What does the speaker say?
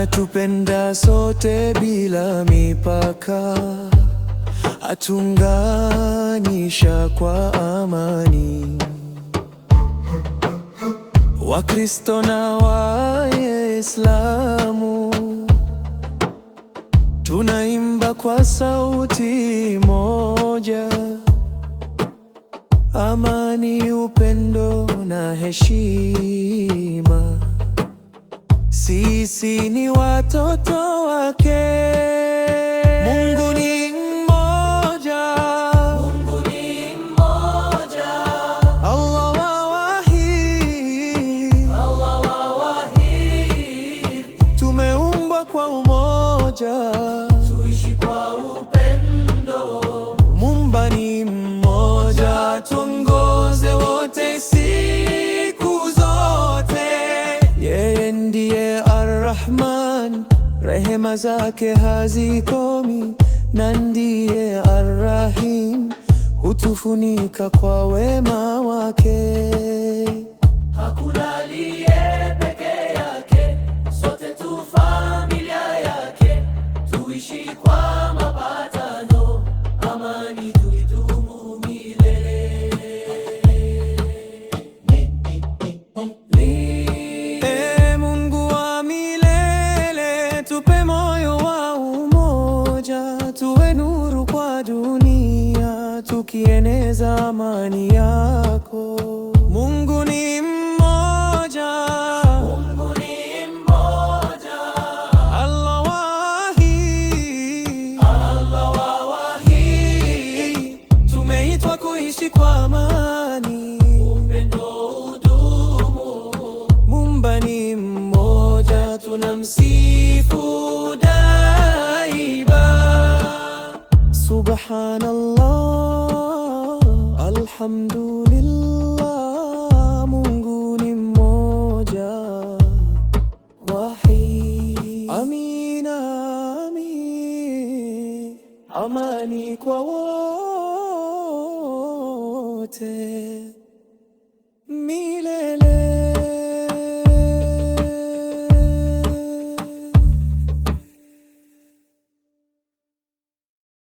anatupenda sote bila mipaka, atunganisha kwa amani. Wakristo na Waislamu tunaimba kwa sauti moja, amani, upendo na heshima. Sisi ni watoto wake. Mungu ni mmoja. Mungu ni mmoja. Allah wawahid. Allah wawahid. Tumeumbwa kwa umoja. Rehema zake hazikomi, na ndiye Arrahim, hutufunika kwa wema wake. Hakuna aliye peke yake, sote ukieneza amani yako. Alhamdulillah, Mungu ni mmoja wahid. Amina, amin. Amani kwa wote.